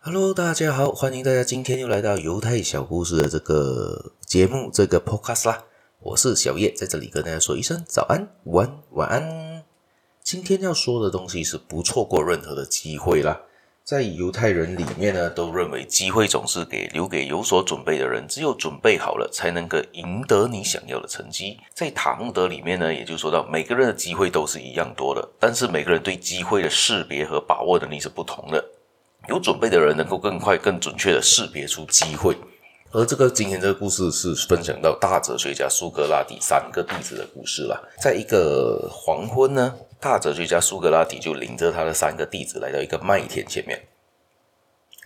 哈嘍，Hello, 大家好，歡迎大家今天又來到猶太小故事的這個節目，這個 Podcast 啦。我是小葉，在這裡跟大家說一聲早安、晚安、晚安。今天要說的東西是不錯過任何的機會啦。在猶太人裡面呢，都認為機會總是給留給有所準備的人，只有準備好了，才能夠贏得你想要的成績。在塔木德裡面呢，也就說到每個人的機會都是一樣多的，但是每個人對機會的識別和把握能力是不同的。有準備的人能夠更快、更準確地識別出機會。而這個今天這個故事是分享到大哲學家蘇格拉底三個弟子的故事啦。在一個黃昏呢，大哲學家蘇格拉底就領着他的三個弟子來到一個麥田前面，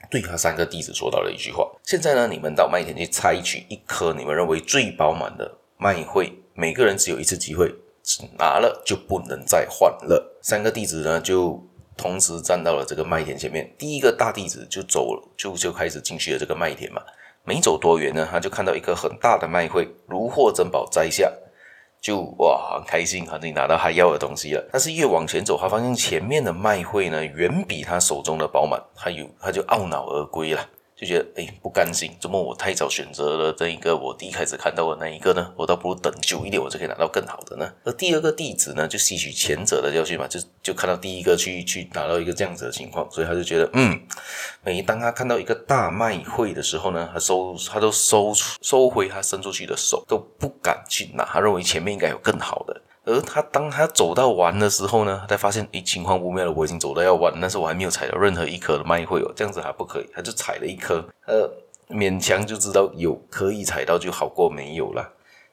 對他三個弟子說到了一句話：“現在呢，你們到麥田去摘取一顆你們認為最飽滿的麥穗，每個人只有一次機會，只拿了就不能再換了。”三個弟子呢就。同時站到了這個麥田前面，第一個大弟子就走了，就就開始進去了這個麥田嘛。沒走多遠呢，他就看到一個很大的麥穗，如獲珍寶摘下，就哇很開心，肯定拿到他要的東西了。但是越往前走，他發現前面的麥穗呢，遠比他手中的飽滿，他有他就懊惱而歸了。就覺得，哎，不甘心，怎麼我太早選擇了這一個？我第一開始看到的那一個呢？我倒不如等久一點，我就可以拿到更好的呢。而第二個弟子呢，就吸取前者的教訓嘛，就就看到第一個去去拿到一個這樣子的情況，所以他就覺得，嗯，每當他看到一個大麥穗的時候呢，他收他都收收回他伸出去的手，都不敢去拿，他認為前面應該有更好的。而他當他走到完的時候呢，他發現，哎，情況不妙了，我已經走到要完，但是我還沒有踩到任何一顆的麥穗哦，這樣子還不可以，他就踩了一顆，呃，勉強就知道有可以踩到就好過沒有了，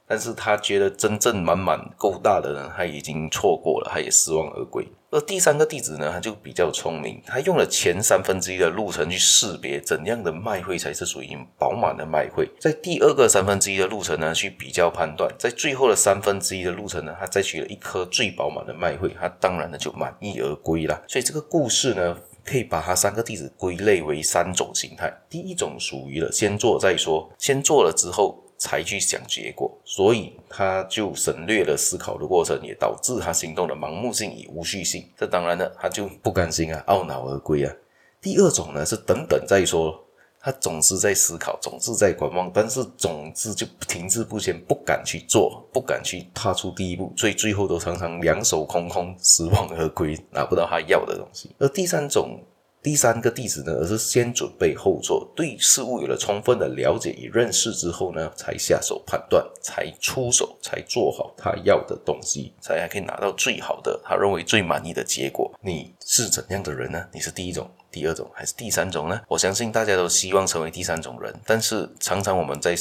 但是他覺得真正滿滿夠大的人，他已經錯過了，他也失望而歸。而第三個弟子呢，他就比較聰明，他用了前三分之一的路程去識別怎樣的麥穗才是屬於飽滿的麥穗，在第二個三分之一的路程呢，去比較判斷，在最後的三分之一的路程呢，他摘取了一顆最飽滿的麥穗，他當然呢就滿意而歸啦。所以這個故事呢，可以把他三個弟子歸類為三種形態，第一種屬於了先做再說，先做了之後。才去想結果，所以他就省略了思考的過程，也導致他行動的盲目性與無序性，這當然呢，他就不甘心啊，懊惱而歸啊。第二種呢，是等等再說，他總是在思考，總是在觀望，但是總是就停滯不前，不敢去做，不敢去踏出第一步，所以最後都常常兩手空空，失望而歸，拿不到他要的東西。而第三種。第三個弟子呢，而是先準備後做，對事物有了充分的了解與認識之後呢，才下手判斷，才出手，才做好他要的東西，才還可以拿到最好的，他認為最滿意的結果。你是怎樣的人呢？你是第一種、第二種，還是第三種呢？我相信大家都希望成為第三種人，但是常常我們在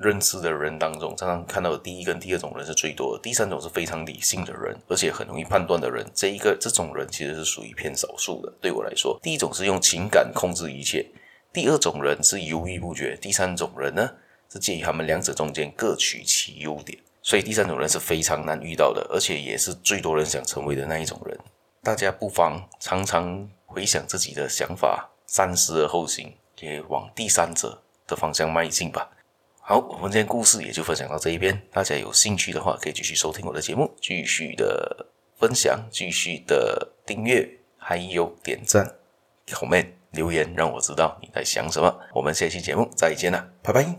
認識的人當中，常常看到的第一跟第二種人是最多的，第三種是非常理性的人，而且很容易判斷的人，這一個這種人其實是屬於偏少數的。對我來說，第一種。總是用情感控制一切。第二種人是猶豫不決。第三種人呢，是介於他們兩者中間，各取其優點。所以第三種人是非常難遇到的，而且也是最多人想成為的那一種人。大家不妨常常回想自己的想法，三思而後行，也往第三者的方向邁進吧。好，我們今天故事也就分享到這一邊。大家有興趣的話，可以繼續收聽我的節目，繼續的分享，繼續的訂閱，還有點贊。嗯後面留言，讓我知道你在想什麼。我們下期節目再見了，拜拜。